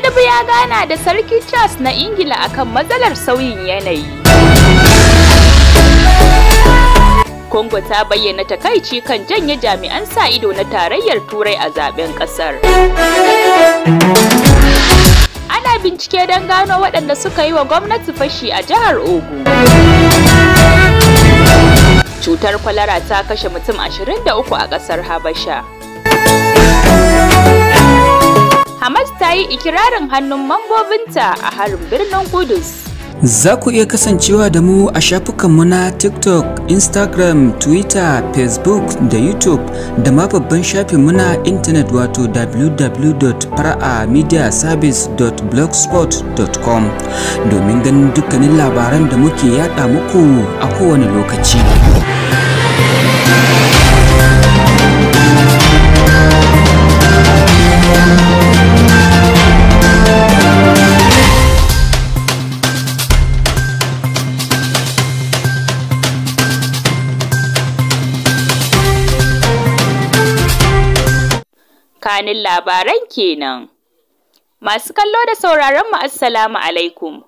Tinubu ya gana da Sarki Charles na Ingila akan matsalar sauyin yanayi. Congo ta bayyana takaici kan janye jami'an sa ido na tarayyar Turai a zaben kasar. Ana bincike don gano waɗanda suka yi wa gwamnati fashi a jihar Ogun. Cutar kwalara ta kashe mutum 23 a ƙasar Habasha. yi ikirarin hannun mambobinta a harin birnin Kudus. Za ku iya kasancewa da mu a shafukanmu na TikTok, Instagram, Twitter, Facebook da YouTube da ma babban shafin muna intanet wato www.paramediaservice.blogspot.com domin ganin dukkanin labaran da muke yada muku a kowane lokaci. kanin labaran kenan. Masu kallo da sauraron mu assalamu alaikum.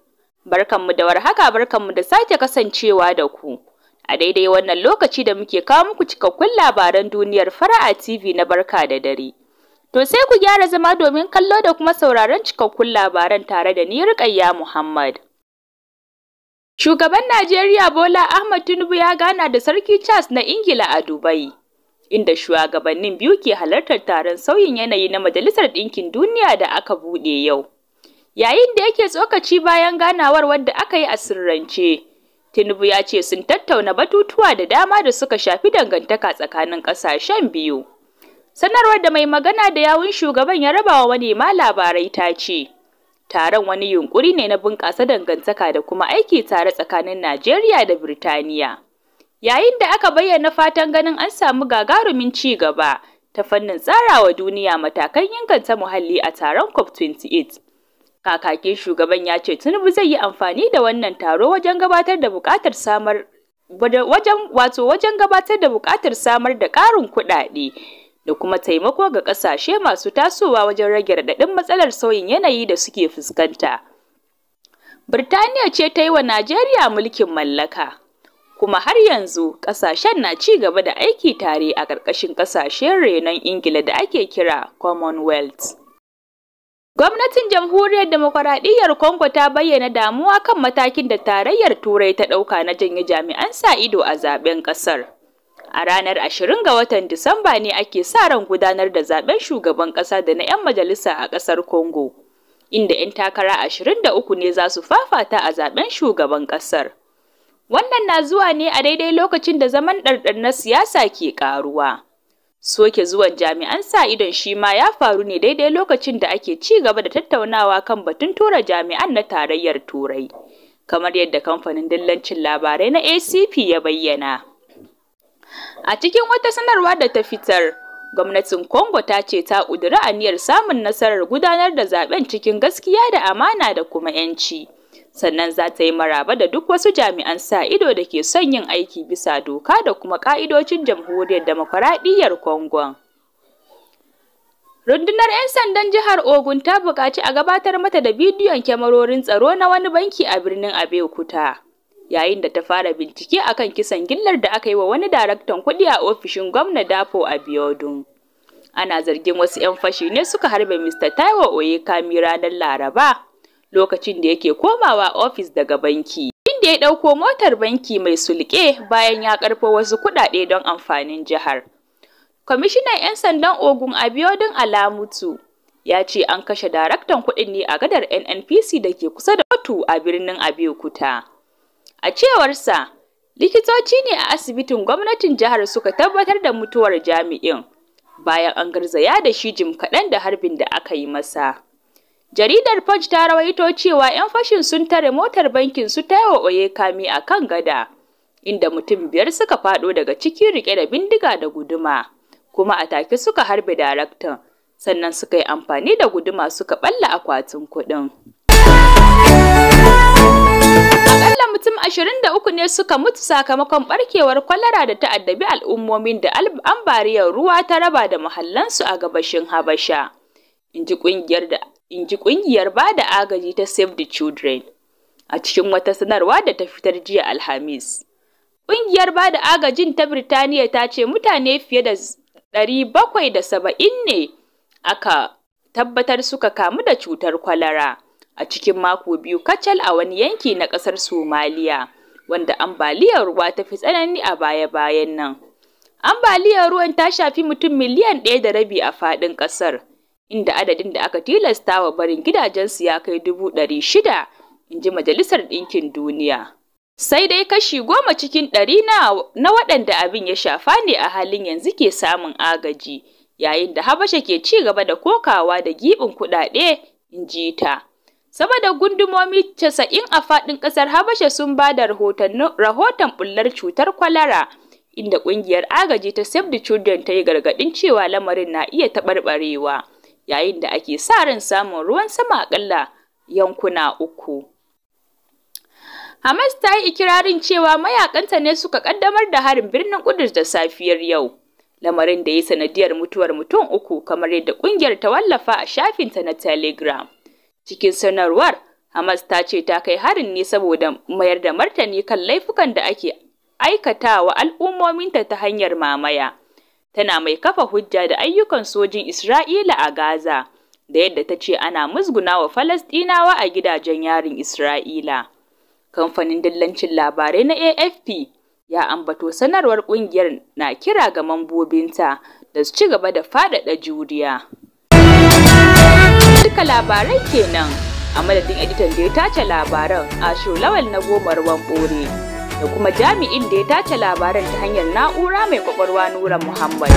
Barkanmu da warhaka barkanmu da sake kasancewa da ku. A daidai wannan lokaci da muke kawo muku cikakkun labaran duniyar fara'a TV na barka da dare. To sai ku gyara zama domin kallo da kuma sauraron cikakkun labaran tare da ni Rukayya Muhammad. Shugaban Najeriya Bola Ahmad Tinubu ya gana da Sarki Charles na Ingila a Dubai. inda shugabannin biyu ke halartar taron sauyin yanayi na Majalisar Ɗinkin Duniya da aka buɗe yau. Yayin da yake tsokaci bayan ganawar wadda aka yi a sirrance, Tinubu ya ce sun tattauna batutuwa da dama da suka shafi dangantaka tsakanin ƙasashen biyu. Sanarwar da mai magana da yawun shugaban ya raba wa wani ma labarai ta ce, Taron wani yunkuri ne na bunƙasa dangantaka da kuma aiki tare tsakanin Najeriya da Birtaniya. yayin da aka bayyana fatan ganin an samu gagarumin ci gaba ta fannin tsarawa duniya matakan inganta muhalli a taron COP28. Kakakin shugaban ya ce Tinubu zai yi amfani da wannan taro wajen gabatar da bukatar samar wajen wato wajen gabatar da bukatar samar da ƙarin kuɗaɗe da kuma taimako ga ƙasashe masu tasowa wajen rage raɗaɗin matsalar sauyin yanayi da suke fuskanta. Birtaniya ce ta yi wa Najeriya mulkin mallaka. kuma har yanzu kasashen na ci gaba da aiki tare a ƙarƙashin ƙasashen renon Ingila da ake kira Commonwealth. Gwamnatin Jamhuriyar Demokuraɗiyyar Kongo ta bayyana damuwa kan matakin da tarayyar Turai ta ɗauka na janye jami'an sa ido a zaben ƙasar. A ranar 20 ga watan Disamba ne ake sa ran gudanar da zaben shugaban ƙasa da na 'yan majalisa a ƙasar Kongo, inda 'yan takara 23 ne za su fafata a zaben shugaban ƙasar. Wannan na zuwa ne a daidai lokacin da zaman ɗarɗar na siyasa ke ƙaruwa. Soke zuwan jami'an sa idon shi ma ya faru ne daidai lokacin da ake ci gaba da tattaunawa kan batun tura jami'an na tarayyar Turai, kamar yadda kamfanin dillancin labarai na ACP ya bayyana. A cikin wata sanarwa da ta fitar, gwamnatin Kongo ta ce ta ƙudiri aniyar samun nasarar gudanar da zaben cikin gaskiya da amana da kuma 'yanci. sannan za ta yi maraba da duk wasu jami'an sa ido da ke son yin aiki bisa doka da kuma ka'idocin jamhuriyar demokuraɗiyyar Kongon. Rundunar 'yan sandan jihar Ogun ta buƙaci a gabatar mata da bidiyon kyamarorin tsaro na wani banki a birnin Abeokuta. Yayin da ta fara bincike akan kisan gillar da aka yi wa wani daraktan kuɗi a ofishin gwamna Dapo a Biodun. Ana zargin wasu 'yan fashi ne suka harbe Mr. Taiwo Oyekami ranar Laraba. lokacin da yake komawa ofis daga banki. inda ya ɗauko motar banki mai sulke bayan ya ƙarfa wasu kuɗaɗe don amfanin jihar. Kwamishinan 'yan sandan Ogun Abiodun Alamutu ya ce an kashe daraktan kuɗin ne a gadar NNPC da ke kusa da kotu a birnin Abeokuta. A cewarsa, likitoci ne a asibitin gwamnatin jihar suka tabbatar da mutuwar jami'in bayan an garzaya da shi jim kaɗan da harbin da aka yi masa. Jaridar Punch ta rawaito cewa 'yan fashin sun tare motar bankin su ta wa Oyekami a kan gada, inda mutum biyar suka fado daga ciki rike da bindiga da guduma, kuma a take suka harbe daraktan, sannan suka yi amfani da guduma suka balla akwatin kuɗin. Akalla mutum 23 ne suka mutu sakamakon barkewar kwalara da ta addabi al'ummomin da ambariyar ruwa ta raba da muhallansu a gabashin Habasha. in ji kungiyar da in ji ƙungiyar ba da agaji ta Save the Children a cikin wata sanarwa da ta fitar jiya Alhamis. Ƙungiyar ba da agajin ta Birtaniya ta ce mutane fiye da bakwai da saba'in ne aka tabbatar suka kamu da cutar kwalara a cikin mako biyu kacal a wani yanki na ƙasar Somaliya, wanda ambaliyar ruwa ta fi tsanani a baya-bayan nan. Ambaliyar ruwan ta shafi mutum miliyan ɗaya da rabi a faɗin ƙasar. inda adadin da aka tilasta wa barin gidajensu ya kai dubu ɗari shida, in ji Majalisar Ɗinkin Duniya. Sai dai kashi goma cikin ɗari na, waɗanda abin ya shafa ne a halin yanzu ke samun agaji, yayin da Habasha ke ci gaba da kokawa da giɓin kuɗaɗe, in ji ta. Saboda gundumomi casa'in a faɗin ƙasar Habasha sun ba da rahoton ɓullar cutar kwalara, inda ƙungiyar agaji ta Save the Children ta yi gargaɗin cewa lamarin na iya taɓarɓarewa. yayin da ake sa ran samun ruwan sama akalla yankuna uku. Hamas ta yi ikirarin cewa mayakanta ne suka kaddamar da harin birnin Kudus da safiyar yau. Lamarin da ya sanadiyar mutuwar mutum uku kamar yadda kungiyar ta wallafa a shafinta na Telegram. Cikin sanarwar, Hamas ta ce ta kai harin ne saboda mayar da martani kan laifukan da ake aikatawa al'ummominta ta hanyar mamaya. tana mai kafa hujja da ayyukan sojin Isra'ila a Gaza, da yadda ta ce ana wa Falasɗinawa a gidajen yarin Isra'ila. Kamfanin dillancin labarai na AFP ya ambato sanarwar ƙungiyar na kira ga mambobinta da su ci gaba da faɗaɗa juriya. Duka labarai kenan a madadin editan da ya tace labaran a Lawal na gomar ɓore. da kuma jami'in da ya tace labaran ta hanyar na'ura mai kwakwalwa Nura Muhammad.